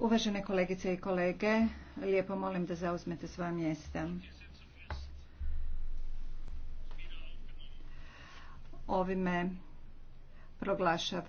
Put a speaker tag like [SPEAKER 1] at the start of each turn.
[SPEAKER 1] Uvažene kolegice i kolege, lijepo molim da zauzmete svoja mjesta.
[SPEAKER 2] Ovime proglašava